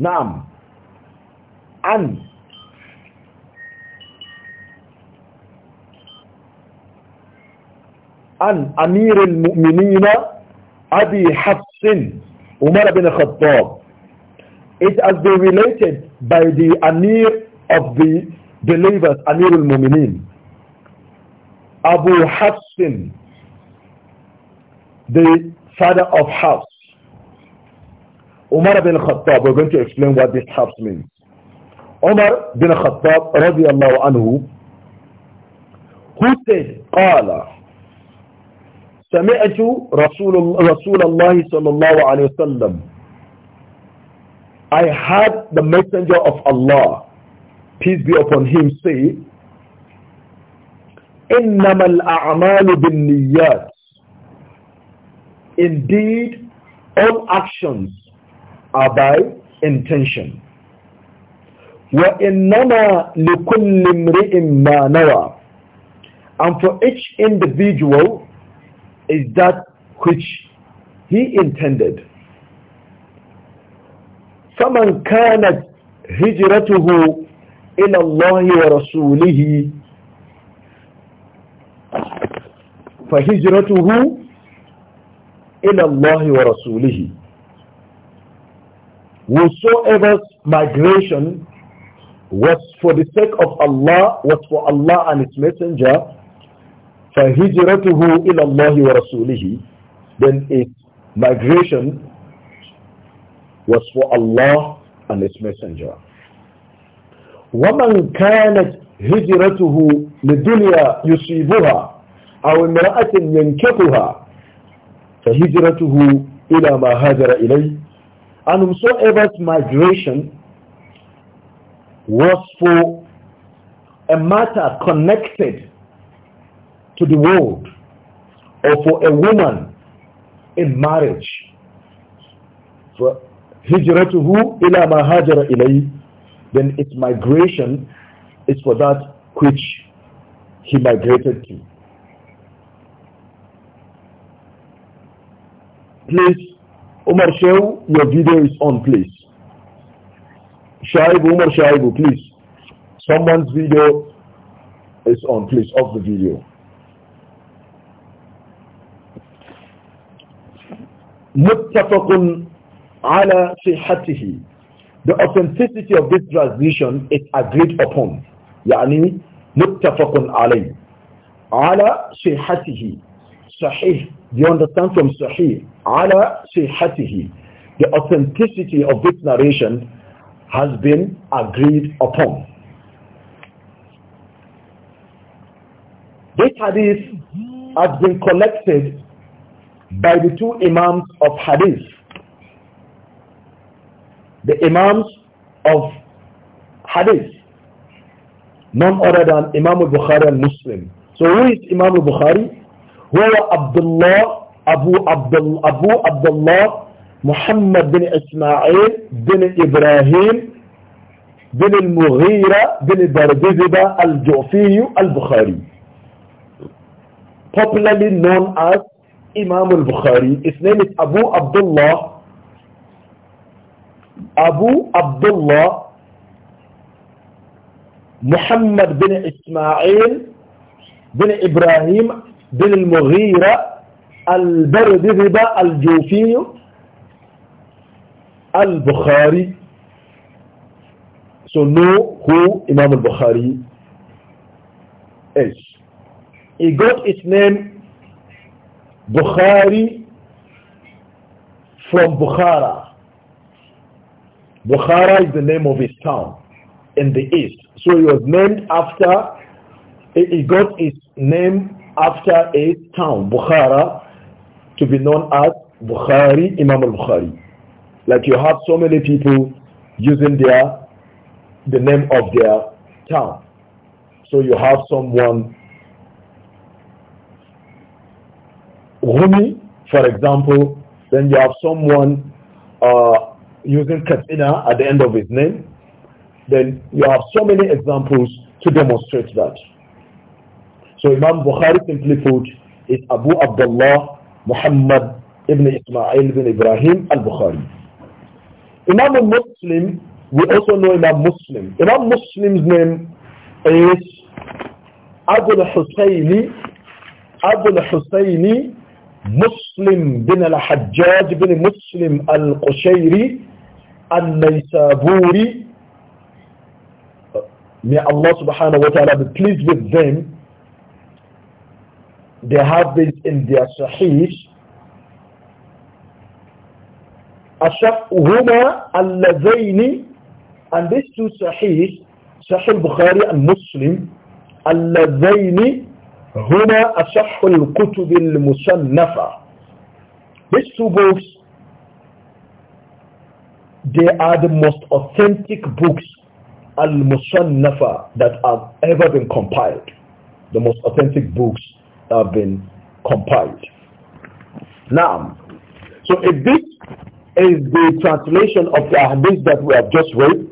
Naam. And عن أمير Abu أبي حفص عمر بن Khattab. It has been related by the Amir of the believers, Amir al-Mu'minin, Abu Hafsin, the father of Hafs, Umar bin Khattab, we're going to explain what this habs means. Umar bin Khattab radiallahu anhu, who said, قال سمعت رسول, رسول الله صلى الله عليه وسلم I had the messenger of Allah, peace be upon him, say, إنما الأعمال بالنيات Indeed, all actions are by intention. وَإِنَّمَا لِكُلِّ امْرِئٍ مَا نَوَى And for each individual is that which he intended. فَمَنْ كَانَتْ هِجْرَتُهُ إِلَى اللَّهِ وَرَسُولِهِ فَهِجْرَتُهُ إِلَى اللَّهِ وَرَسُولِهِ whosoever's migration was for the sake of Allah, was for Allah and His Messenger, فَهِجْرَتُهُ إِلَى اللَّهِ وَرَسُولِهِ Then its migration was for Allah and His Messenger. وَمَنْ كَانَتْ هِجْرَتُهُ لِدُنْيَا يُصِيبُهَا أو امرأة ينكحها فهجرته إلى ما هاجر إليه and whosoever's migration was for a matter connected to the world or for a woman in marriage. For hijratuhu ila ma hajara ilayhi, then its migration is for that which he migrated to. Please Umar Shehu, your video is on, please. Shaibu, Umar Shaibu, please. Someone's video is on, please, off the video. Muttafaqun ala صحته The authenticity of this transmission is agreed upon. Yani muttafaqun عليه Ala صحته Sahih you understand from Sahih? Ala sihatihi. The authenticity of this narration has been agreed upon. This hadith has been collected by the two imams of hadith. The imams of hadith. None other than Imam al-Bukhari and Muslim. So who is Imam al-Bukhari? هو عبد الله أبو عبد أبو عبد الله محمد بن إسماعيل بن إبراهيم بن المغيرة بن بردزبة الجوفي البخاري popularly known as Imam al-Bukhari his name is Abu Abdullah Abu Abdullah Muhammad bin Ismail bin Ibrahim بن المغيرة البرد ربا الجوفي البخاري So know who Imam al-Bukhari is. He got his name Bukhari from Bukhara. Bukhara is the name of his town in the east. So he was named after, he got his name after a town, Bukhara, to be known as Bukhari, Imam al-Bukhari. Like you have so many people using their, the name of their town. So you have someone, Rumi, for example, then you have someone uh, using Katina at the end of his name. Then you have so many examples to demonstrate that. So Imam Bukhari simply put is Abu Abdullah Muhammad ibn Ismail ibn Ibrahim al-Bukhari. Imam al Muslim, we also know Imam Muslim. Imam Muslim's name is Abu al-Husayni, Abu al-Husayni مسلم بن الحجاج بن مسلم القشيري النيسابوري may Allah subhanahu wa ta'ala be pleased with them They have been in their Sahih. Ashaqhuma al-Lazaini and these two Sahih, Sahih Bukhari and Muslim, al-Lazaini هما أصح الكتب Nafa. These two books, they are the most authentic books al-musannafa that have ever been compiled. The most authentic books have been compiled. Now, so if this is the translation of the hadith that we have just read,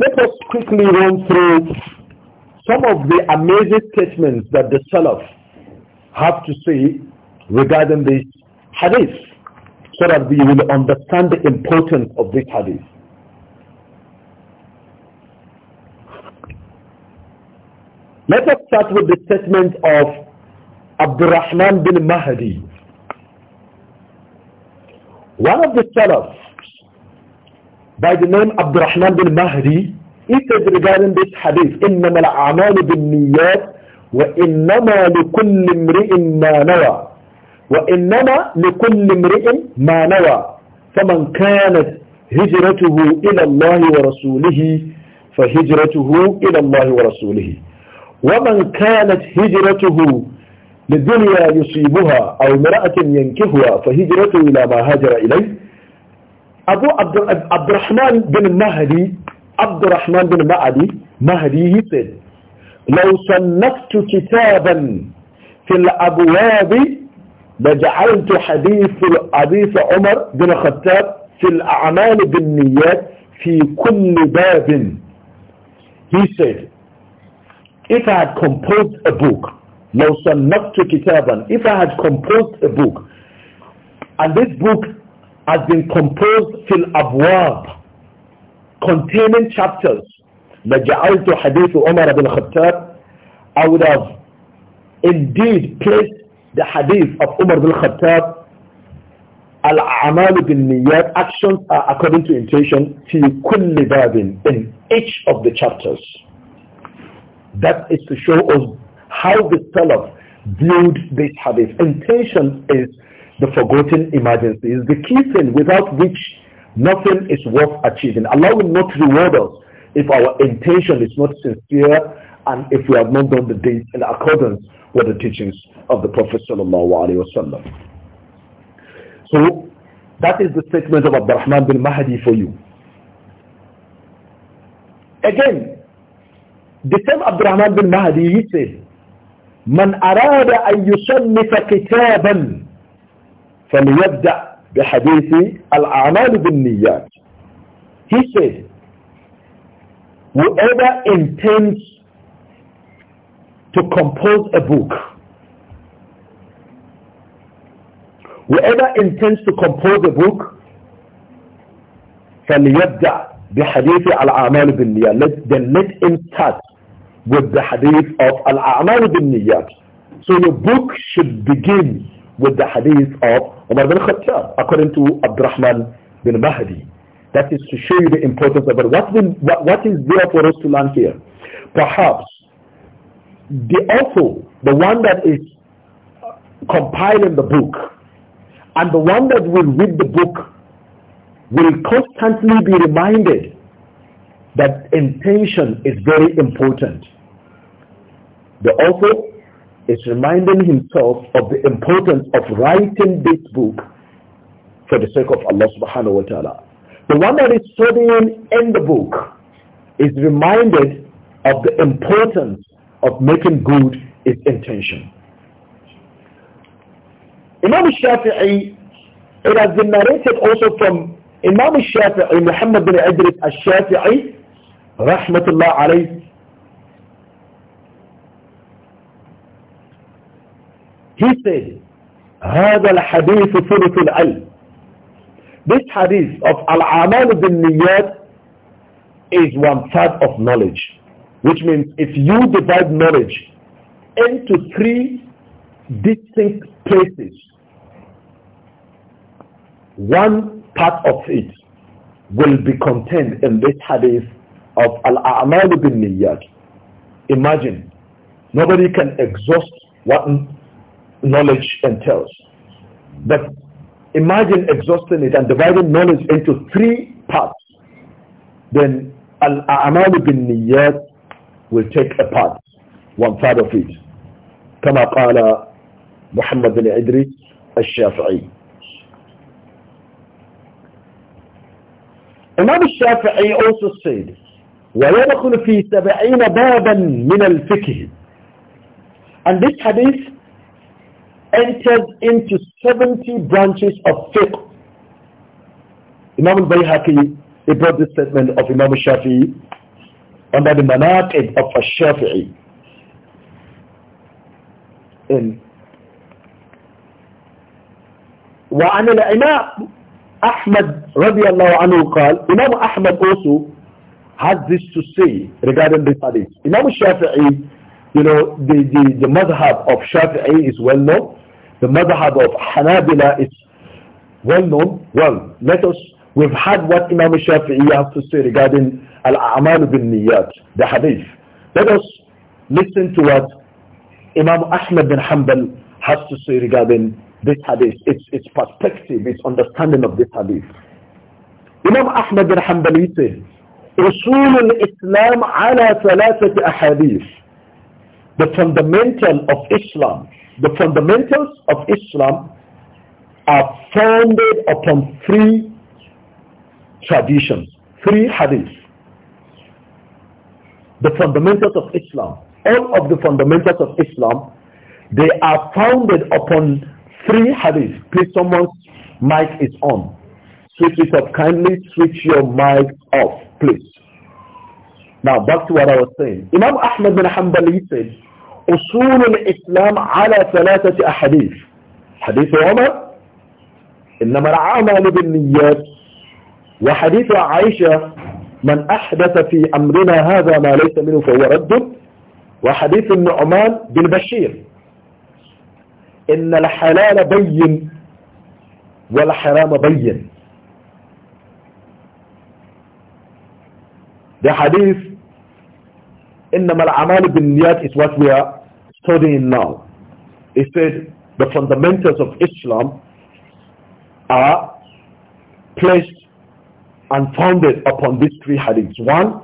let us quickly run through some of the amazing statements that the Salaf have to say regarding this hadith so that we will understand the importance of this hadith. Let us start with the statement of عبد الرحمن bin Mahdi, one of the Salaf by the name عبد الرحمن bin Mahdi, he said regarding this hadith, إِنَّمَا الْأَعْمَالُ بِالنِّيَّاتِ وَإِنَّمَا لِكُلِّ امْرِئٍ مَا نَوَى وَإِنَّمَا لِكُلِّ امْرِئٍ مَا نَوَى فَمَنْ كَانَتْ هِجْرَتُهُ إِلَى اللَّهِ وَرَسُولِهِ فَهِجْرَتُهُ إِلَى اللَّهِ وَرَسُولِهِ وَمَنْ كَانَتْ هِجْرَتُهُ للدنيا يصيبها أو امرأة ينكهها فهجرته إلى ما هاجر إليه أبو عبد عبد الرحمن بن المهدي عبد الرحمن بن المهدي مهدي يسد لو صنفت كتابا في الأبواب لجعلت حديث حديث عمر بن الخطاب في الأعمال بالنيات في كل باب He said, if I had composed a book لو صنفت كتابا if I had composed a book and this book has been composed Abu الأبواب containing chapters لجعلت حديث عمر بن الخطاب I would have indeed placed the hadith of Umar bin Khattab Al-Amalu bin Niyat actions are according to intention fi kulli babin in each of the chapters. That is to show us how the scholars viewed this habits. Intention is the forgotten emergency. is the key thing without which nothing is worth achieving. Allah will not reward us if our intention is not sincere and if we have not done the deeds in accordance with the teachings of the Prophet sallallahu So that is the statement of Abdurrahman bin Mahdi for you. Again, the same Abdurrahman bin Mahdi, he said, من أراد أن يصنف كتابا فليبدأ بحديث الأعمال بالنيات He said, whoever intends to compose a book, whoever intends to compose a book, فليبدأ بحديث الأعمال بالنيات. Let, then let him start with the hadith of Al-A'mal bin Niyyat. So your book should begin with the hadith of Umar bin Khattab, according to Abdurrahman bin Mahdi. That is to show you the importance of it. What, will, what, what is there for us to learn here? Perhaps the author, the one that is compiling the book, and the one that will read the book will constantly be reminded that intention is very important. The author is reminding himself of the importance of writing this book for the sake of Allah subhanahu wa ta'ala. The one that is studying in the book is reminded of the importance of making good its intention. Imam Shafi'i, it has been narrated also from Imam Shafi'i, Muhammad bin Idris al-Shafi'i, rahmatullah alayh, he said, هذا الحديث ثلث العلم. This hadith of al-amal bin niyad is one third of knowledge, which means if you divide knowledge into three distinct places, one part of it will be contained in this hadith of al-a'mal bin niyyat. Imagine, nobody can exhaust what knowledge entails. But imagine exhausting it and dividing knowledge into three parts. Then al-a'mal bin niyyat will take a part, one third of it. كما قال محمد بن إدريس الشافعي Imam Shafi'i also said ويدخل في سبعين بابا من الفقه and this hadith enters into 70 branches of fiqh Imam al-Bayhaqi he brought this statement of Imam al-Shafi'i under the manaqib of al-Shafi'i in وعن الإمام أحمد رضي الله عنه قال Imam Ahmad also has this to say regarding this hadith. Imam Shafi'i, you know, the, the, the madhab of Shafi'i is well known. The madhab of Hanabila is well known. Well, let us, we've had what Imam Shafi'i has to say regarding Al-A'mal bin Niyat, the hadith. Let us listen to what Imam Ahmad bin Hanbal has to say regarding this hadith, its, its perspective, its understanding of this hadith. Imam Ahmad bin Hanbal, he says, Usul al-Islam ala thalathati The fundamental of Islam, the fundamentals of Islam are founded upon three traditions, three hadiths. The fundamentals of Islam, all of the fundamentals of Islam, they are founded upon three hadiths. Please someone's mic is on. Switch it up kindly, switch your mic off, please. Now back to what I was saying. Imam Ahmad bin Hanbali said, أصول الإسلام على ثلاثة أحاديث حديث عمر إنما العمل بالنيات وحديث عائشة من أحدث في أمرنا هذا ما ليس منه فهو رد وحديث النعمان بن بشير إن الحلال بين والحرام بين ده حديث al-amal bin بِالنِّيَاتِ is what we are studying now. He said the fundamentals of Islam are placed and founded upon these three hadiths. One,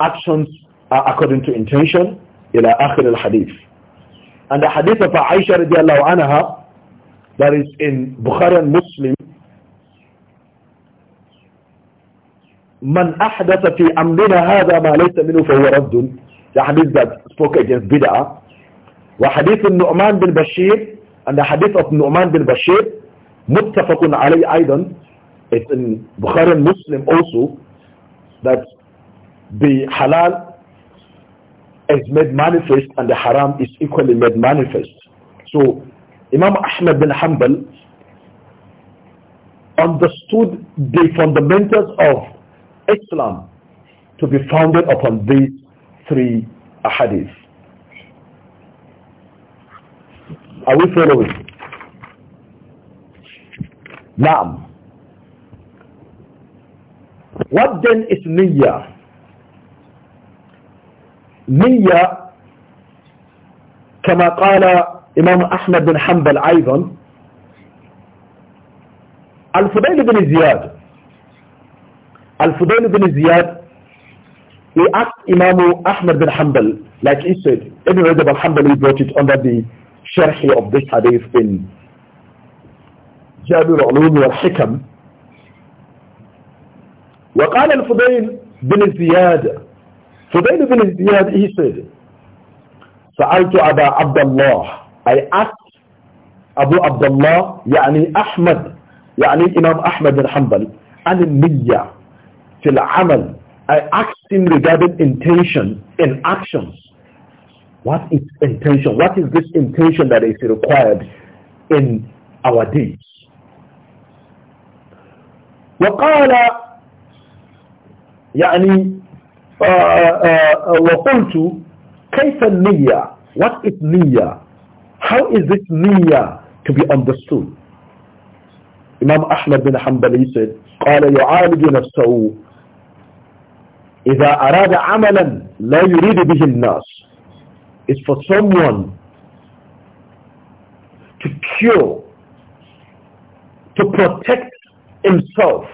actions are according to intention, ila akhir al-hadith. And the hadith of Aisha radiallahu anha, that is in Bukhari and Muslim, من أحدث في أمرنا هذا ما ليس منه فهو رد the hadith that spoke against bid'ah, wa hadith of Nu'man bin Bashir, and the hadith of Nu'man bin Bashir, muttafaqun alayhi aydan, it's in Bukhari and Muslim also, that the halal is made manifest and the haram is equally made manifest. So Imam Ahmad bin Hanbal understood the fundamentals of Islam to be founded upon these three ahadith. Are we following? Naam. What then is niyya? Niyya, كما قال إمام أحمد بن حنبل أيضا الفضيل بن زياد الفضيل بن زياد he asked Imam Ahmad bin Hanbal, like he said, Ibn Rajab al-Hanbali brought it under the sharh of this hadith bin Jabir al-Ulum al-Hikam. وقال الفضيل بن زياد فضيل بن زياد he said سألت أبا عبد الله I asked Abu Abdullah, الله يعني أحمد يعني إمام أحمد بن حنبل عن النية في العمل I asked him regarding intention and actions. What is intention? What is this intention that is required in our deeds? وقال يعني وقلت كيف النية what is niyyah how is this niyyah to be understood Imam Ahmad bin Hanbali said قال يعالج نفسه إذا أراد عملا لا يريد به الناس is for someone to cure, to protect himself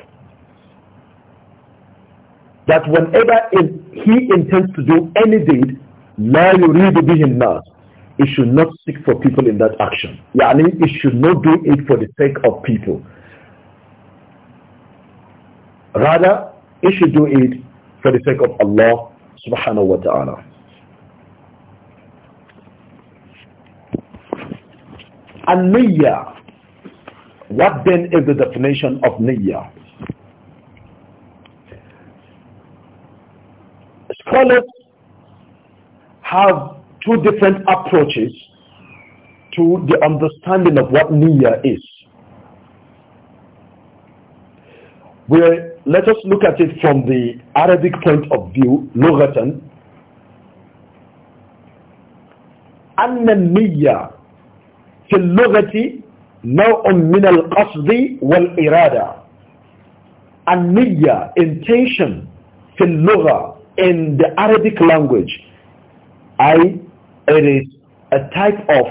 that whenever he intends to do any deed, لا يريد به الناس it should not seek for people in that action. يعني it should not do it for the sake of people. Rather, it should do it for the sake of Allah subhanahu wa ta'ala. And niyyah. What then is the definition of niyyah? Scholars have two different approaches to the understanding of what niyyah is. Where let us look at it from the Arabic point of view, لغة أن النية في min al من wal irada. النية intention في اللغة in the Arabic language I it is a type of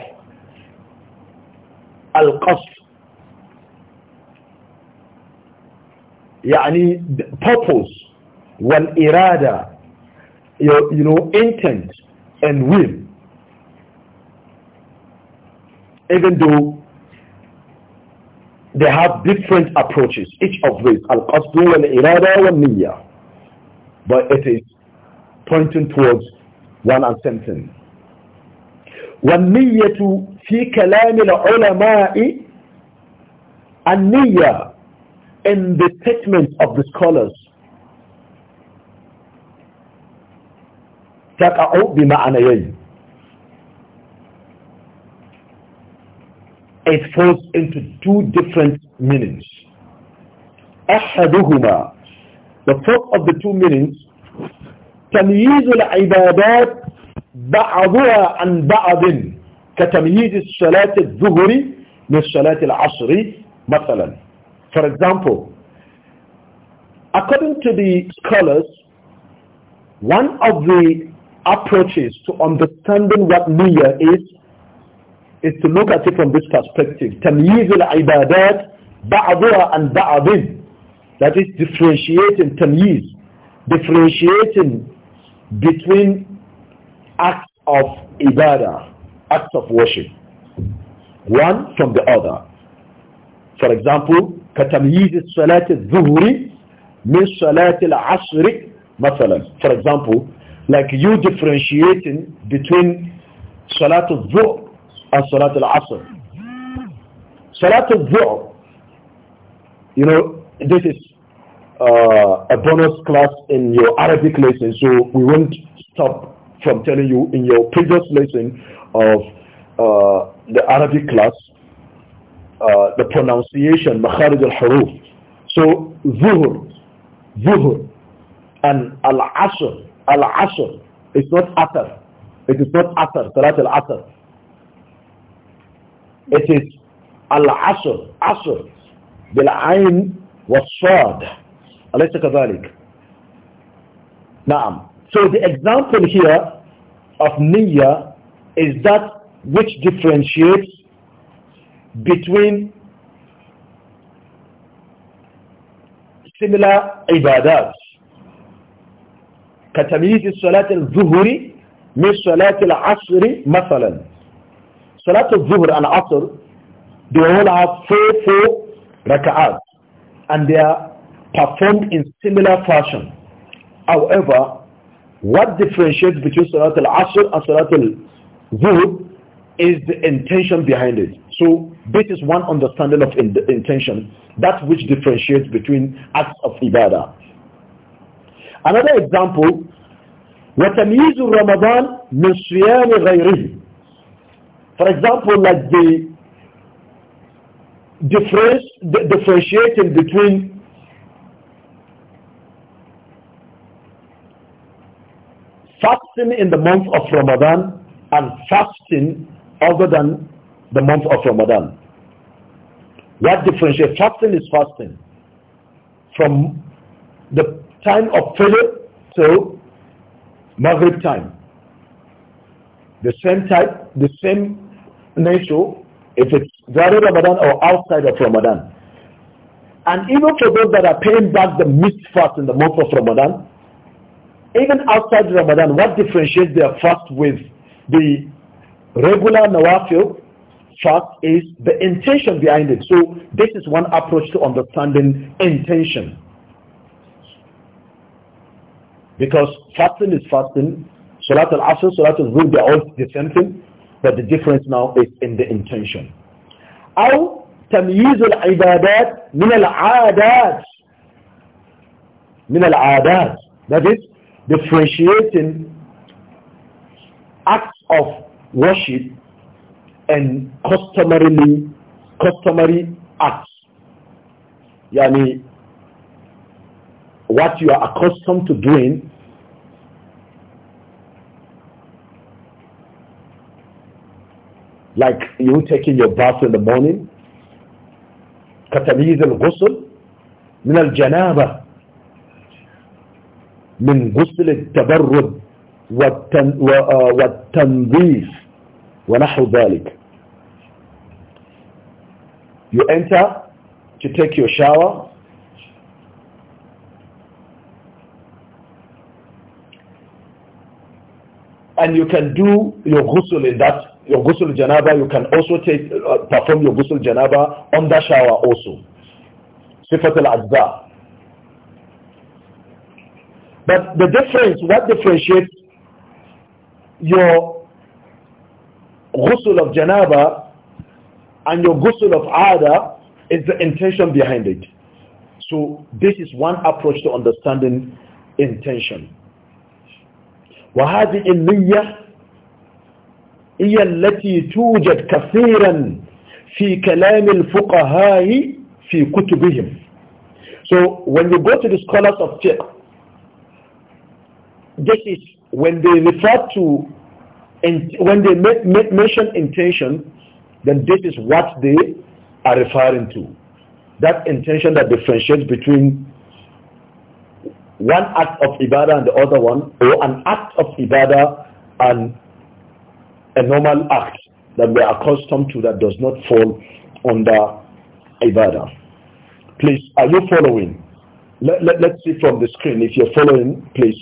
al-qasd mean purpose wal irada you know intent and will even though they have different approaches each of these al-qasd wal irada but it is pointing towards one and same thing والنية في كلام العلماء النية in the statement of the scholars it falls into two different meanings the first of the two meanings تمييز العبادات بعضها عن بعض كتمييز الصلاة الظهر من الصلاة العصر مثلا for example, according to the scholars, one of the approaches to understanding what niyyah is, is to look at it from this perspective. تَمْيِيزُ الْعِبَادَاتِ بَعْضُهَا and بَعْضٍ That is differentiating, tamyiz, differentiating between acts of ibadah, acts of worship, one from the other. For example, كتمييز صلاة الظهر من صلاة العصر مثلا for example like you differentiating between صلاة الظهر and صلاة العصر صلاة الظهر you know this is uh, a bonus class in your Arabic lesson so we won't stop from telling you in your previous lesson of uh, the Arabic class uh, the pronunciation, makharij al-huruf. So, zuhur, zuhur, and al-asr, al-asr, it's not asr. It is not asr, salat al-asr. It is al-asr, asr, bil-ayn was-sad. Alaysa kadhalik. Naam. So the example here of niyyah is that which differentiates between similar ibadat كتمييز صلاة الظهر من صلاة العصر مثلا صلاة الظهر and asr they all have four four rak'ahs and they are performed in similar fashion however what differentiates between Salat al-Asr and Salat al-Zuhur is the intention behind it. So this is one understanding of in intention, that which differentiates between acts of ibadah. Another example, وَتَمْيِيزُ رَمَضَانِ مِنْ صِيَامِ غَيْرِهِ For example, like the difference, differentiating between fasting in the month of Ramadan and fasting other than the month of Ramadan. What differentiates fasting is fasting from the time of Philip to Maghrib time. The same type, the same nature, if it's during Ramadan or outside of Ramadan. And even for those that are paying back the missed fast in the month of Ramadan, even outside Ramadan, what differentiates their fast with the regular nawafil trust is the intention behind it. So this is one approach to understanding intention. Because fasting is fasting, Salat al-Asr, Salat al-Zuhr, they're all the same thing, but the difference now is in the intention. أو تمييز العبادات من العادات من العادات That is, differentiating acts of worship and customarily customary acts. Yani, what you are accustomed to doing like you taking your bath in the morning كتمييز الغسل من الجنابة من غسل التبرد والتنظيف ونحو ذلك You enter to take your shower. And you can do your ghusl in that, your ghusl janaba. You can also take, uh, perform your ghusl janaba on the shower also. Sifat al-azza. But the difference, what differentiates your ghusl of janaba and your ghusl of ada is the intention behind it. So this is one approach to understanding intention. وهذه النية هي التي توجد كثيرا في كلام الفقهاء في كتبهم. So when you go to the scholars of fiqh, this is when they refer to, when they mention intention, then this is what they are referring to. That intention that differentiates between one act of ibadah and the other one, or an act of ibadah and a normal act that we are accustomed to that does not fall under ibadah. Please, are you following? Let, let, let's see from the screen. If you're following, please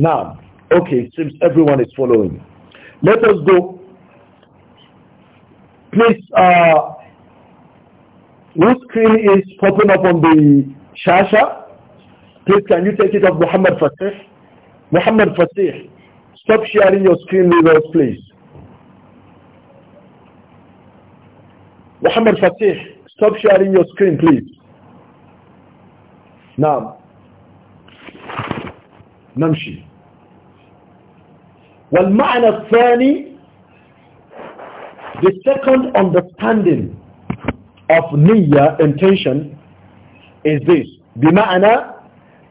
Now, okay, it seems everyone is following. Let us go. Please, uh, whose screen is popping up on the Shasha? Please, can you take it off Muhammad Fatih? Muhammad Fatih, stop sharing your screen with us, please. Muhammad Fatih, stop sharing your screen, please. Now, Namshi. والمعنى الثاني the second understanding of niyyah intention is this بمعنى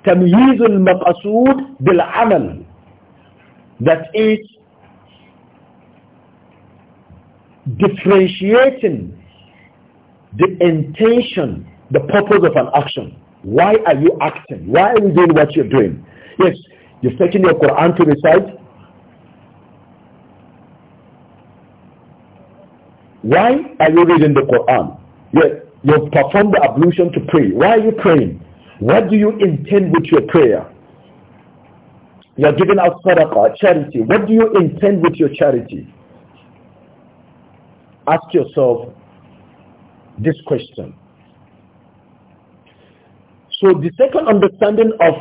تمييز المقصود بالعمل that is differentiating the intention the purpose of an action why are you acting why are you doing what you're doing yes you are taken your quran to recite Why are you reading the Quran? Yes, you perform the ablution to pray. Why are you praying? What do you intend with your prayer? You're giving out sadaqah, charity. What do you intend with your charity? Ask yourself this question. So the second understanding of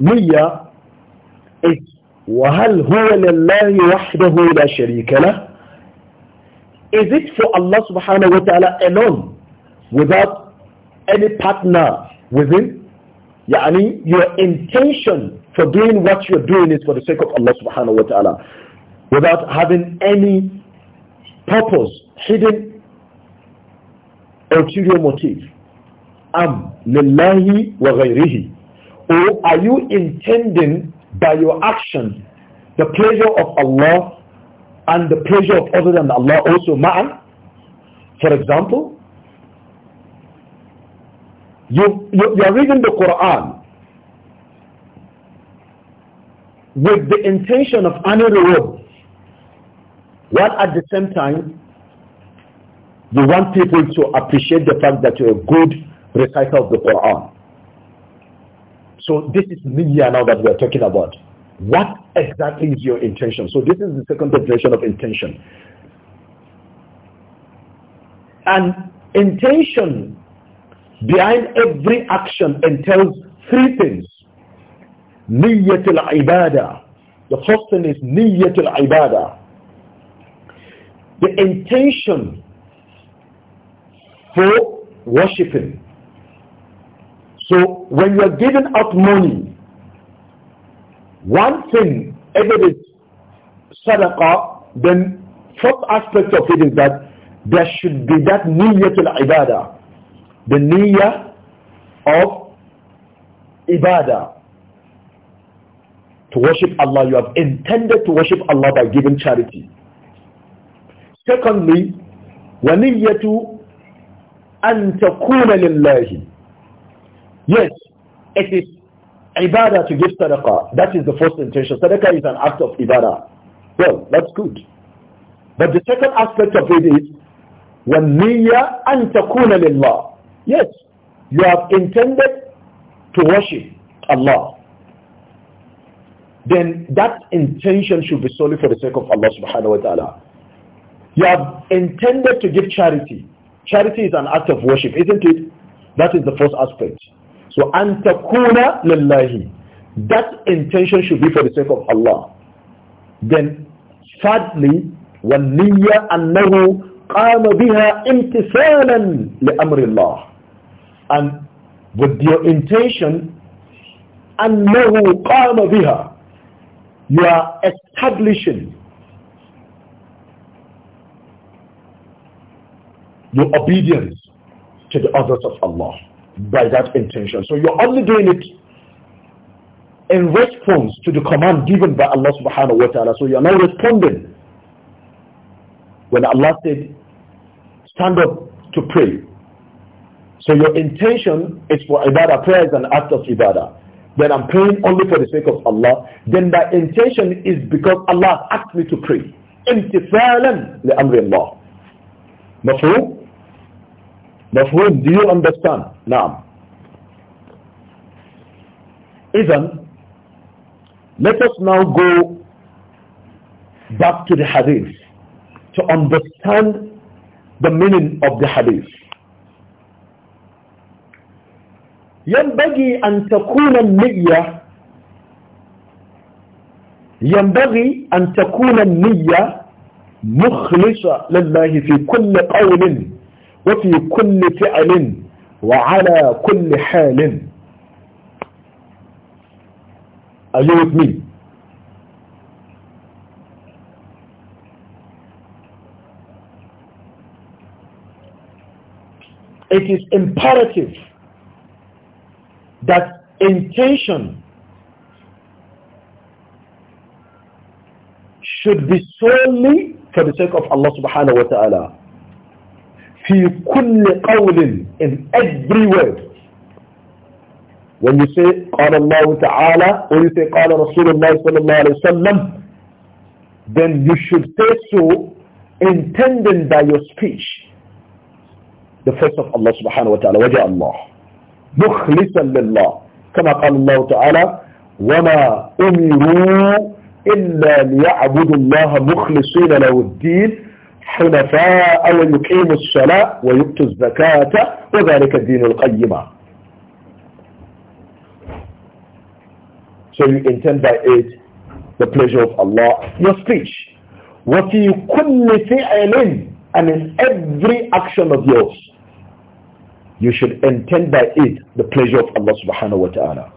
niyyah is وهل هو لله وحده لا شريك له is it for Allah subhanahu wa ta'ala alone without any partner with him? Yani your intention for doing what you're doing is for the sake of Allah subhanahu wa ta'ala without having any purpose, hidden ulterior motive. Am lillahi wa ghayrihi. Or are you intending by your action the pleasure of Allah and the pleasure of other than Allah also ma'an. For example, you, you, you are reading the Quran with the intention of earning reward, while at the same time you want people to appreciate the fact that you're a good reciter of the Quran. So this is media now that we're talking about. What exactly is your intention? So this is the second definition of intention. And intention behind every action entails three things. Niyyatul ibadah. The first thing is niyyatul ibadah. The intention for worshipping. So when you are giving out money, one thing, if it is sadaqah, then first aspect of it is that there should be that niyatul ibadah the niyyah of ibadah, to worship Allah. You have intended to worship Allah by giving charity. Secondly, when أَن تَكُونَ لِلَّهِ Yes, it is ibadah to give sadaqah. That is the first intention. Sadaqah is an act of ibadah. Well, that's good. But the second aspect of it is وَالنِّيَّةَ أَن Allah. Yes, you have intended to worship Allah. Then that intention should be solely for the sake of Allah subhanahu wa ta'ala. You have intended to give charity. Charity is an act of worship, isn't it? That is the first aspect. So antakuna lillahi. That intention should be for the sake of Allah. Then sadly, والنية أنه قام بها امتثالا لأمر الله. And with your intention, أنه قام بها. You are establishing your obedience to the orders of Allah by that intention. So you're only doing it in response to the command given by Allah subhanahu wa ta'ala. So you're not responding. When Allah said, stand up to pray. So your intention is for ibadah, prayer is an act of ibadah. Then I'm praying only for the sake of Allah. Then my intention is because Allah asked me to pray. امتثالا amri Allah. مفهوم؟ مفهوم do you understand نعم إذا let us now go back to the hadith to understand the meaning of the hadith ينبغي أن تكون النية ينبغي أن تكون النية مخلصة لله في كل قول وفي كل فعل وعلى كل حال Are you with me? It is imperative that intention should be solely for the sake of Allah subhanahu wa ta'ala. في كل قول in every word when you say قال الله تعالى or you say قال رسول الله صلى الله عليه وسلم then you should say so intending by your speech the face of Allah سبحانه وتعالى وجه الله مخلصا لله كما قال الله تعالى وما أمروا إلا ليعبدوا الله مخلصين له الدين حنفاء ويقيم الصلاة ويؤت الزكاة وذلك الدين القيمة So you intend by it the pleasure of Allah, your speech. وفي كل فعل and in every action of yours, you should intend by it the pleasure of Allah subhanahu wa ta'ala.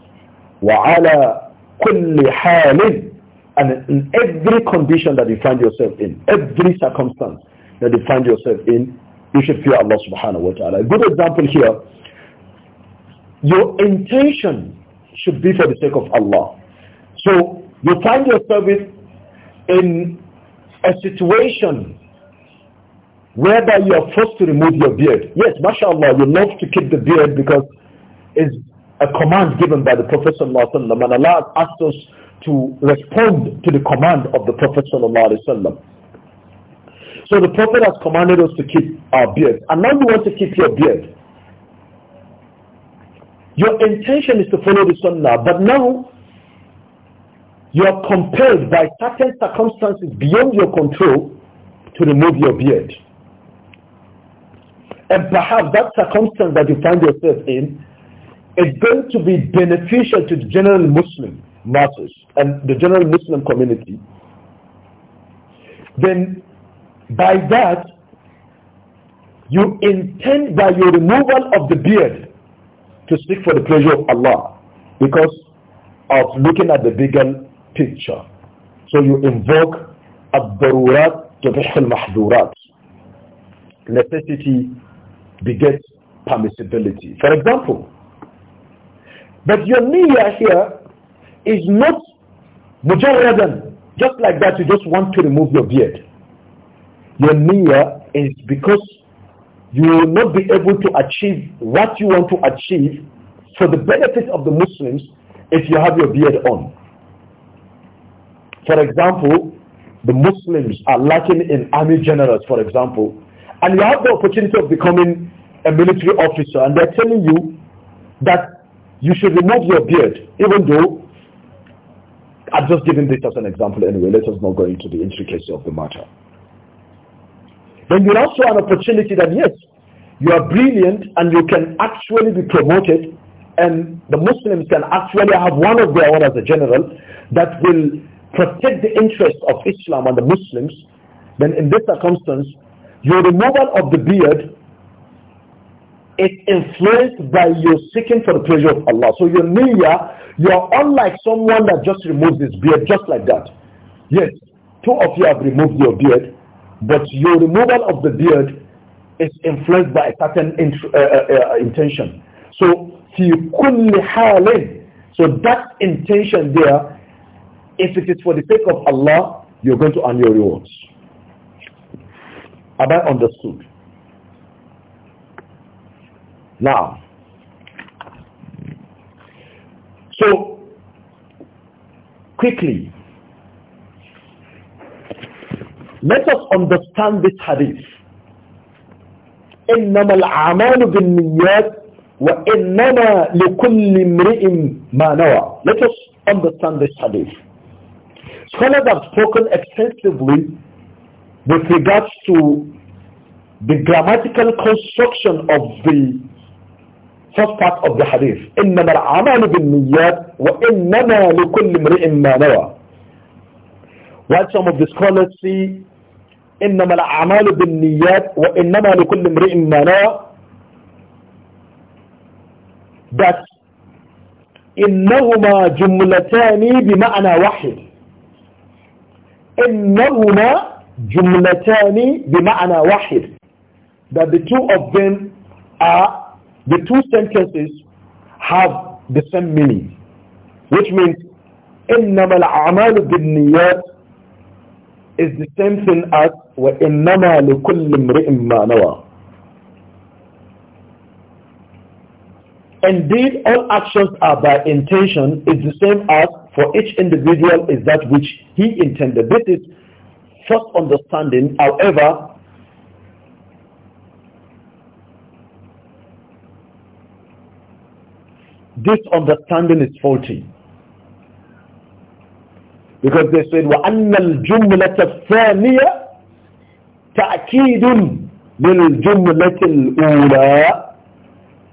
وعلى كل حال And in every condition that you find yourself in, every circumstance that you find yourself in, you should fear Allah subhanahu wa ta'ala. A good example here, your intention should be for the sake of Allah. So you find yourself in a situation whereby you are forced to remove your beard. Yes, mashallah, you love to keep the beard because it's a command given by the Prophet sallallahu and Allah asked us to respond to the command of the Prophet sallallahu So the Prophet has commanded us to keep our beard. And now you want to keep your beard. Your intention is to follow the Sunnah, but now you are compelled by certain circumstances beyond your control to remove your beard. And perhaps that circumstance that you find yourself in is going to be beneficial to the general Muslim masses and the general Muslim community, then by that you intend by your removal of the beard to seek for the pleasure of Allah because of looking at the bigger picture. So you invoke to تبح mahdurat necessity begets permissibility. For example, but your niyyah here is not mujarradan, just like that you just want to remove your beard. Your niyyah is because you will not be able to achieve what you want to achieve for the benefit of the Muslims if you have your beard on. For example, the Muslims are lacking in army generals, for example, and you have the opportunity of becoming a military officer, and they're telling you that you should remove your beard, even though i am just giving this as an example anyway. Let us not go into the intricacy of the matter. Then you also also an opportunity that yes, you are brilliant and you can actually be promoted and the Muslims can actually have one of their own as a general that will protect the interests of Islam and the Muslims, then in this circumstance, your removal of the beard it's influenced by your seeking for the pleasure of Allah. So your niyyah, you're unlike someone that just removes his beard just like that. Yes, two of you have removed your beard, but your removal of the beard is influenced by a certain int uh, uh, uh, intention. So, So that intention there, if it is for the sake of Allah, you're going to earn your rewards. Have I understood? Now, so quickly, let us understand this hadith. إنما الأعمال بالنيات وإنما لكل امرئ ما نوى. Let us understand this hadith. Scholars have spoken extensively with regards to the grammatical construction of the first part of the hadith إنما العمل بالنيات وإنما لكل امرئ ما نوى while some of the scholars see إنما العمل بالنيات وإنما لكل امرئ ما نوى that إنهما جملتان بمعنى واحد إنهما جملتان بمعنى واحد that the two of them are the two sentences have the same meaning, which means إِنَّمَا الْأَعْمَالُ بِالنِّيَّاتِ is the same thing as وَإِنَّمَا لِكُلِّ امْرِئٍ مَا نَوَى Indeed, all actions are by intention is the same as for each individual is that which he intended. This is first understanding. However, this understanding is faulty. Because they said, وَأَنَّ الْجُمْلَةَ bil تَأْكِيدٌ لِلْجُمْلَةِ الْأُولَى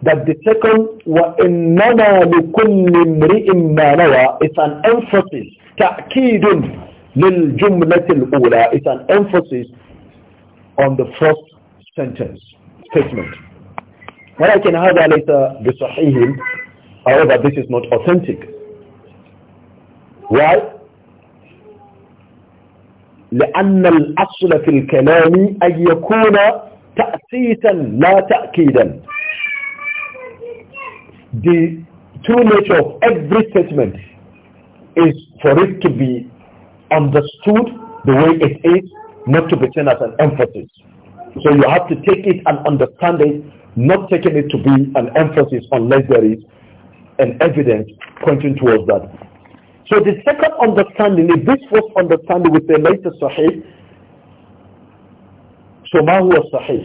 That the second, وَإِنَّمَا لِكُلِّ امْرِئٍ مَّا نَوَى It's an emphasis. تَأْكِيدٌ لِلْجُمْلَةِ الْأُولَى It's an emphasis on the first sentence, statement. ولكن هذا ليس بصحيح However, this is not authentic. Why? لأن الأصل في الكلام أن يكون تأسيسا لا تأكيدا. The true nature of every statement is for it to be understood the way it is, not to be seen as an emphasis. So you have to take it and understand it, not taking it to be an emphasis unless there is and evidence pointing towards that. So the second understanding if this was understanding with the later Sahih. So ma huwa Sahih?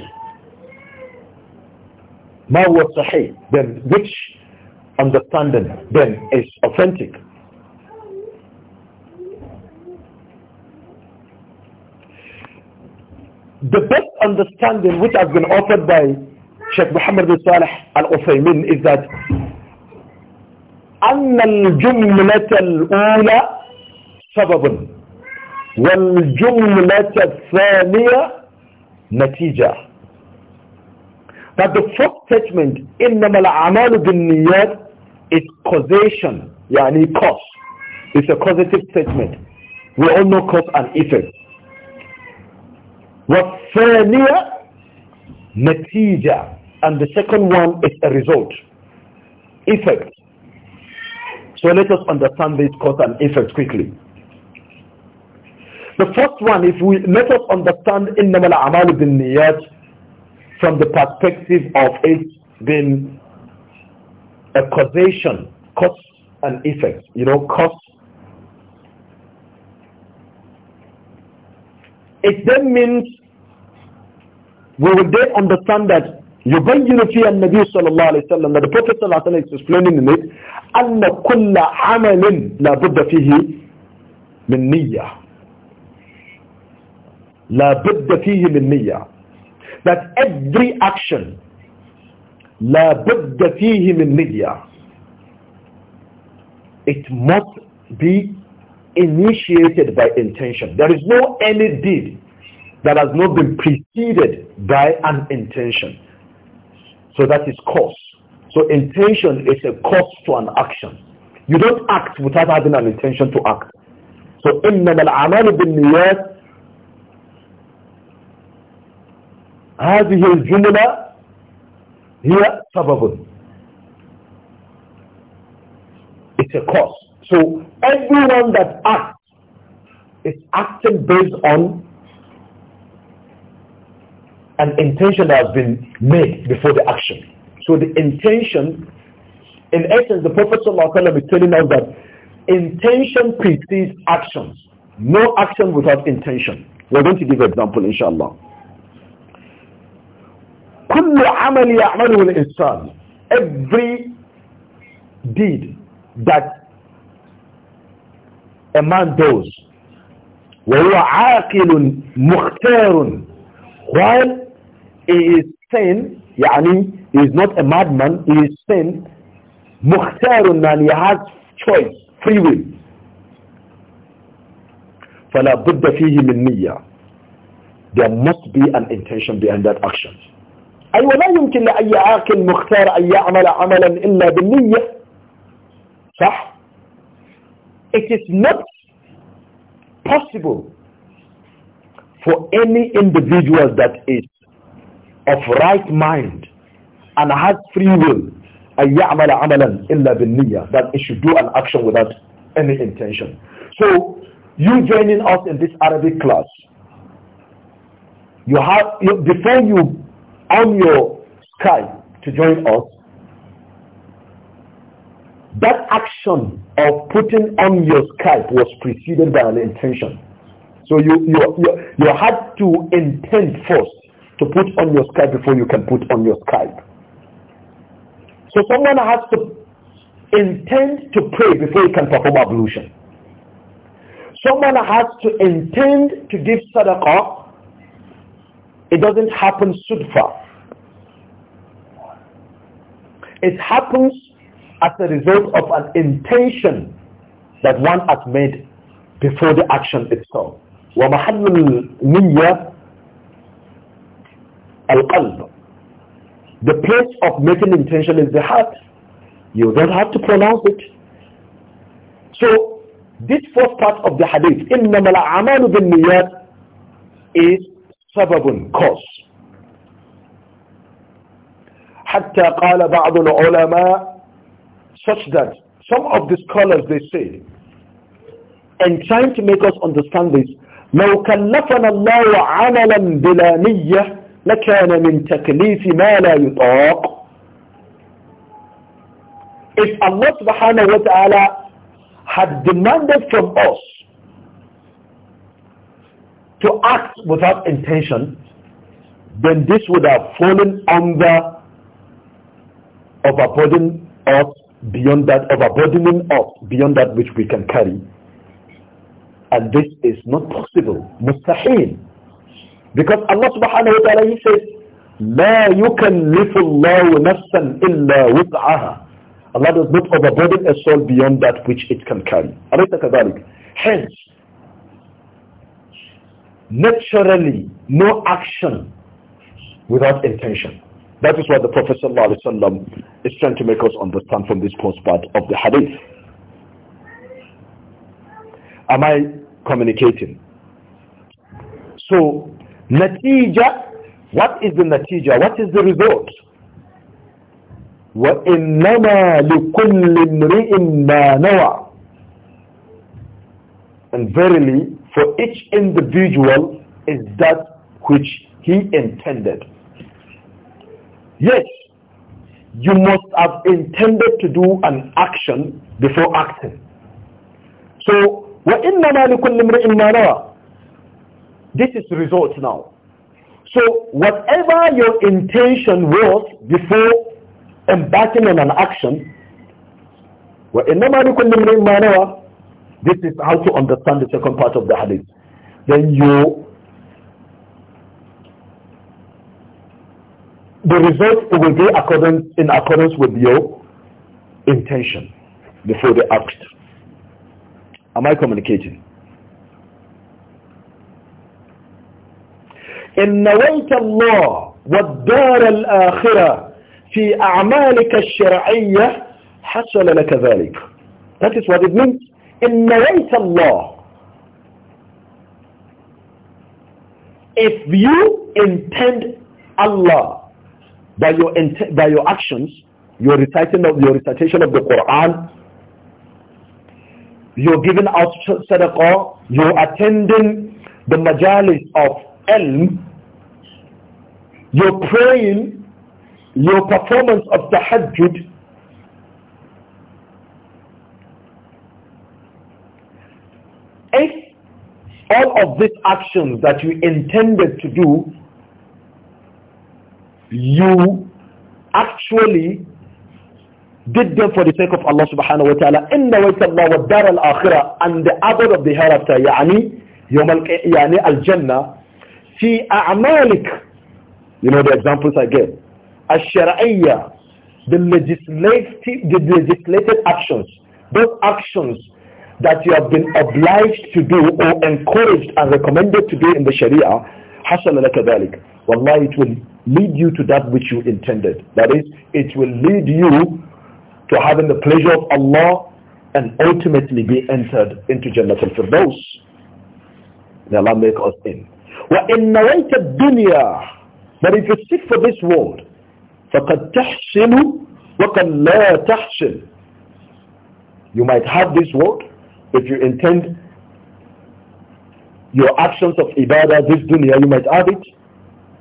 Ma huwa Sahih? Then which understanding then is authentic? The best understanding which has been offered by Sheikh Muhammad bin Salih al-Uthaymin is that أن الجملة الأولى سبب والجملة الثانية نتيجة But the first statement إنما الأعمال بالنيات is causation يعني cause It's a causative statement We all know cause and effect والثانية نتيجة and the second one is a result effect So let us understand this cause and effect quickly. The first one, if we let us understand innamal a'malu bin niyat from the perspective of it being a causation, cause and effect. You know, cause. It then means we will then understand that يبين فيها النبي صلى الله عليه وسلم the Prophet صلى الله عليه وسلم is explaining in it أن كل عمل لا بد فيه من نية لا بد فيه من نية that every action لا بد فيه من نية it must be initiated by intention there is no any deed that has not been preceded by an intention so that is cause. So intention is a cause to an action. You don't act without having an intention to act. So إنما الأعمال بالنيات هذه الجملة هي سبب. It's a cause. So everyone that acts is acting based on an intention that has been made before the action. So the intention, in essence, the Prophet ﷺ is telling us that intention precedes actions. No action without intention. We're going to give an example, inshallah. كل عمل يعمله الإنسان every deed that a man does وهو عاقل مختار while he is sane, yani, he is not a madman, he is sane, مختار and he has choice, free will. فَلَا بُدَّ فِيهِ مِنْ نِيَّةٍ There must be an intention behind that action. أي ولا يمكن لأي عاقل مختار أن يعمل عملا إلا بالنية صح؟ It is not possible for any individual that is of right mind and has free will أن amalan عملا إلا that it should do an action without any intention. So you joining us in this Arabic class, you have you, before you on your Skype to join us, that action of putting on your Skype was preceded by an intention. So you you you, you had to intend first to put on your Skype before you can put on your Skype. So someone has to intend to pray before he can perform ablution. Someone has to intend to give sadaqah. It doesn't happen sudfa. It happens as a result of an intention that one has made before the action itself. وَمَحَلُّ النِّيَّةِ Al-Qalb. The place of making intention is the heart. You don't have to pronounce it. So this first part of the hadith, إِنَّمَا الْأَعْمَالُ بِالنِّيَّاتِ is sababun, cause. حتى قال بعض العلماء such that some of the scholars they say and trying to make us understand this لو كلفنا الله عملا بلا نية لكان من تكليف ما لا يطاق If Allah subhanahu wa ta'ala had demanded from us to act without intention, then this would have fallen under overburdening us beyond that, overburdening us beyond that which we can carry. And this is not possible. Mustahil. Because Allah subhanahu wa ta'ala, He says, لا يكلف الله نفسا إلا وسعها Allah does not overburden a soul beyond that which it can carry. أليس كذلك? Hence, naturally, no action without intention. That is what the Prophet ﷺ is trying to make us understand from this post part of the hadith. Am I communicating? So, Natija, what is the natija? What is the result? وَإِنَّمَا لِكُلِّ امْرِئٍ مَا نَوَى And verily, for each individual is that which he intended. Yes, you must have intended to do an action before acting. So, وَإِنَّمَا لِكُلِّ امْرِئٍ مَا نَوَى this is the result now. So whatever your intention was before embarking on an action, this is how to understand the second part of the hadith. Then you, the result will be accordance, in accordance with your intention before the act. Am I communicating? إن نويت الله والدار الآخرة في أعمالك الشرعية حصل لك ذلك That is what it means إن نويت الله If you intend Allah by your, by your actions, your reciting of your recitation of the Quran, you're giving out sadaqah, you're attending the majalis of ilm, your praying, your performance of tahajjud, if all of these actions that you intended to do, you actually did them for the sake of Allah subhanahu wa ta'ala. إِنَّ وَيْتَ اللَّهُ وَالدَّارَ الْآخِرَةِ And the other of the hereafter, يعني, يوم يعني الجنة fi a'malik you know the examples i gave ash Sharia, the legislative the legislated actions those actions that you have been obliged to do or encouraged and recommended to do in the sharia حصل لك ذلك والله it will lead you to that which you intended that is it will lead you to having the pleasure of Allah and ultimately be entered into Jannat al-Firdaus may Allah make us in وَإِنْ نَوَيْتَ الدُّنْيَا But if you seek for this world, فَقَدْ تَحْسِنُ وَقَدْ لَا تَحْسِنُ You might have this world if you intend your actions of ibadah, this dunya, you might have it,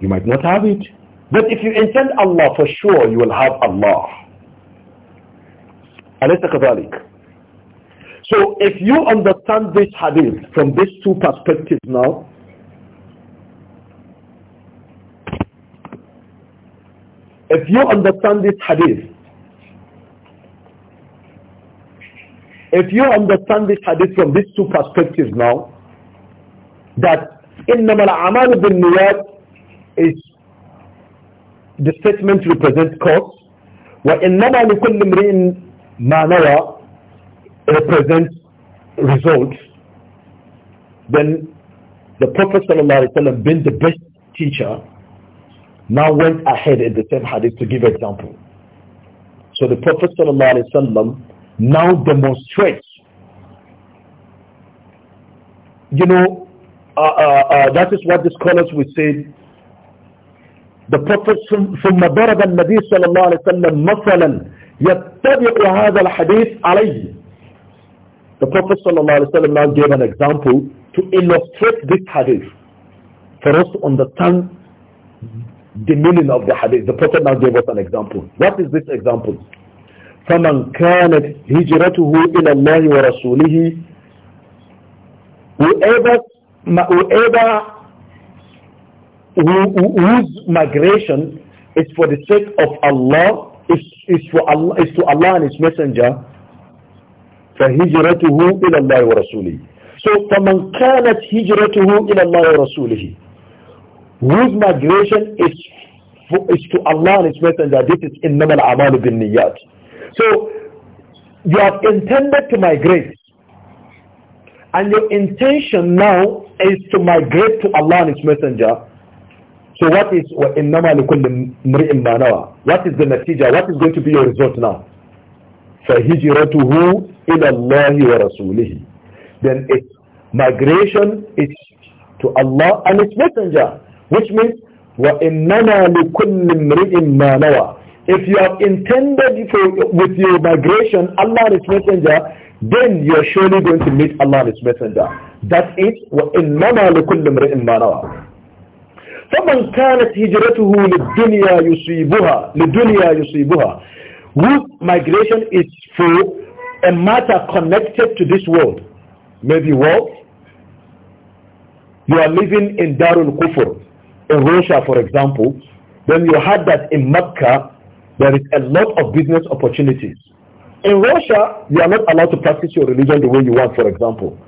you might not have it. But if you intend Allah, for sure you will have Allah. أليس كذلك? So if you understand this hadith from these two perspectives now, If you understand this hadith, if you understand this hadith from these two perspectives now, that إِنَّمَا bin بِالنِّيَاتِ is the statement represents cause, وَإِنَّمَا لِكُلِّ امْرِئٍ مَا نَوَى represents results, then the Prophet ﷺ being the best teacher now went ahead in the same hadith to give example. So the Prophet ﷺ now demonstrates, you know, uh, uh, uh, that is what the scholars would say. The Prophet ثم ضرب النبي صلى الله عليه وسلم مثلا يتبع هذا الحديث عليه. The Prophet صلى الله عليه وسلم now gave an example to illustrate this hadith for us to understand the meaning of the hadith. The Prophet now gave us an example. What is this example? فَمَنْ كَانَتْ هِجْرَتُهُ إِلَى اللَّهِ وَرَسُولِهِ Whoever, whoever whose migration is for the sake of Allah, is, is, for Allah, is to Allah and His Messenger, فَهِجْرَتُهُ إِلَى اللَّهِ وَرَسُولِهِ So فَمَنْ كَانَتْ هِجْرَتُهُ إِلَى اللَّهِ وَرَسُولِهِ whose migration is, is to Allah and His Messenger. This is al amal bin niyat. So you have intended to migrate and your intention now is to migrate to Allah and His Messenger. So what is وَإِنَّمَا لِكُلِّ مْرِئٍ مَا What is the natija? What is going to be your result now? فَهِجْرَتُهُ إِلَى اللَّهِ وَرَسُولِهِ Then its migration is to Allah and His Messenger. Which means, وَإِنَّمَا لِكُلِّ امْرِئٍ مَا نَوَى If you have intended for, with your migration, Allah and His Messenger, then you are surely going to meet Allah and His Messenger. That is, وَإِنَّمَا لِكُلِّ امْرِئٍ مَا نَوَى فَمَنْ كَانَتْ هِجْرَتُهُ لِلدُّنْيَا يُصِيبُهَا لِلدُّنْيَا يُصِيبُهَا Whose migration is for a matter connected to this world. Maybe wealth. You are living in Darul Kufur in Russia, for example, then you had that in Mecca, there is a lot of business opportunities. In Russia, you are not allowed to practice your religion the way you want, for example.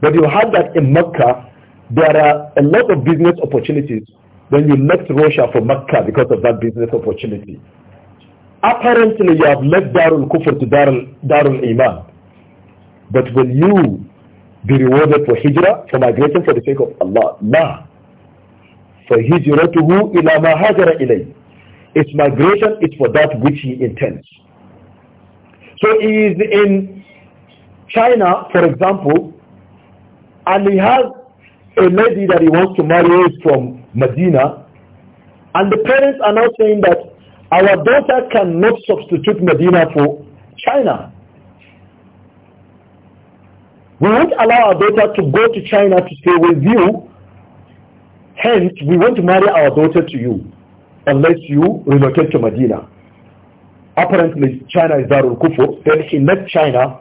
But you had that in Mecca, there are a lot of business opportunities. Then you left Russia for Mecca because of that business opportunity. Apparently, you have left Darul Kufr to Darul, Darul Iman. But will you be rewarded for hijrah, for migrating for the sake of Allah? Nah. فَهِجْرَتُهُ إِلَى مَا هَجَرَ إِلَيْهِ Its migration is for that which he intends. So he is in China, for example, and he has a lady that he wants to marry from Medina, and the parents are now saying that our daughter cannot substitute Medina for China. We won't allow our daughter to go to China to stay with you Hence, we want to marry our daughter to you unless you relocate to Medina. Apparently, China is Darul Kufu. Then he left China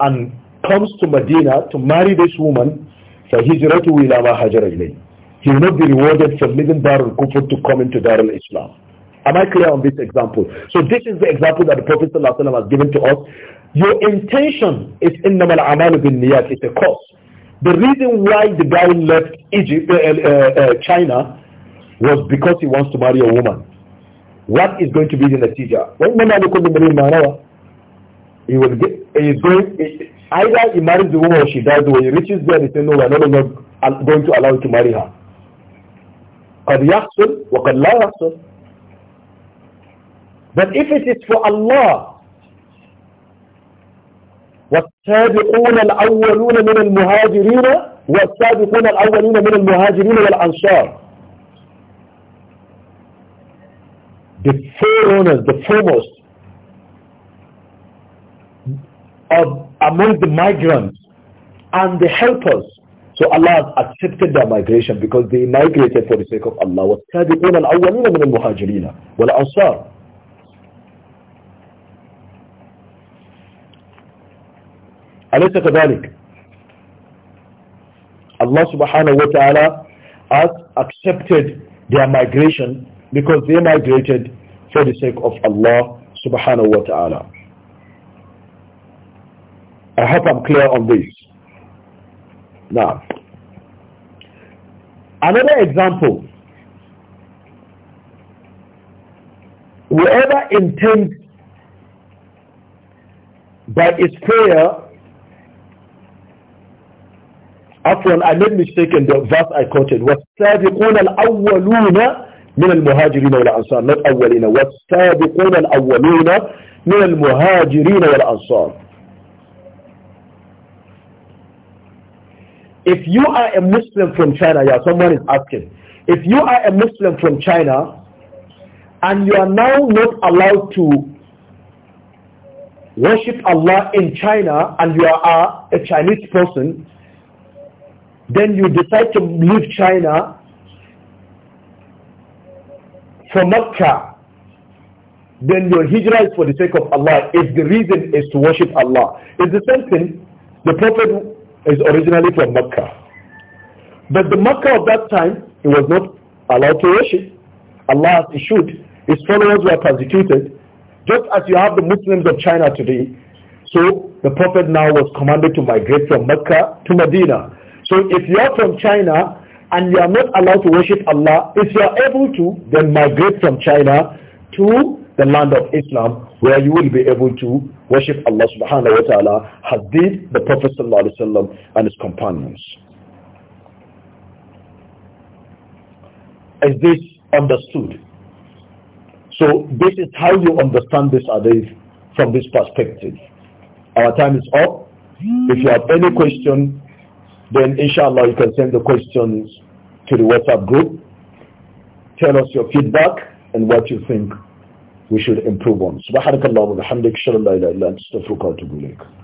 and comes to Medina to marry this woman. فَهِجْرَةُ إِلَى مَا هَجَرَ إِلَيْهِ He will not be rewarded for leaving Darul Kufu to come into Darul Islam. Am I clear on this example? So this is the example that the Prophet ﷺ has given to us. Your intention is amal الْعَمَالُ niyat. It's a cause. The reason why the guy left Egypt, uh, uh, uh, uh, China was because he wants to marry a woman. What is going to be the natija? He will get, he's going, he, either he marries the woman or she dies. When he reaches there, he says, no, we're no longer going to allow you to marry her. قد يحصل وقد لا يحصل. But if it is for Allah, والسابقون الأولون من المهاجرين والسابقون الأولون من المهاجرين والأنصار the forerunners, the foremost of among the migrants and the helpers. So Allah has accepted their migration because they migrated for the sake of Allah. وَالسَّابِقُونَ الْأَوَّلِينَ مِنَ الْمُهَاجِرِينَ وَالْأَنصَارِ أليس كذلك Allah subhanahu wa ta'ala has accepted their migration because they migrated for the sake of Allah subhanahu wa ta'ala. I hope I'm clear on this. Now, another example. Whoever intends by his prayer Afwan, I made mistake in the verse I quoted. وَالسَّابِقُونَ الْأَوَّلُونَ مِنَ الْمُهَاجِرِينَ وَالْأَنصَارِ Not أولين. وَالسَّابِقُونَ الْأَوَّلُونَ مِنَ الْمُهَاجِرِينَ وَالْأَنصَارِ If you are a Muslim from China, yeah, someone is asking. If you are a Muslim from China and you are now not allowed to worship Allah in China and you are a Chinese person, then you decide to leave China for Mecca, then your hijrah is for the sake of Allah if the reason is to worship Allah. It's the same thing. The Prophet is originally from Mecca. But the Mecca of that time, it was not allowed to worship. Allah as he should. His followers were persecuted. Just as you have the Muslims of China today. So the Prophet now was commanded to migrate from Mecca to Medina. So if you are from China and you are not allowed to worship Allah, if you are able to, then migrate from China to the land of Islam where you will be able to worship Allah subhanahu wa ta'ala as did the Prophet sallallahu alaihi wasallam and his companions. Is this understood? So this is how you understand this hadith from this perspective. Our time is up. If you have any question, then inshallah you can send the questions to the WhatsApp group. Tell us your feedback and what you think we should improve on. سبحانك اللهم وبحمدك اشهد ان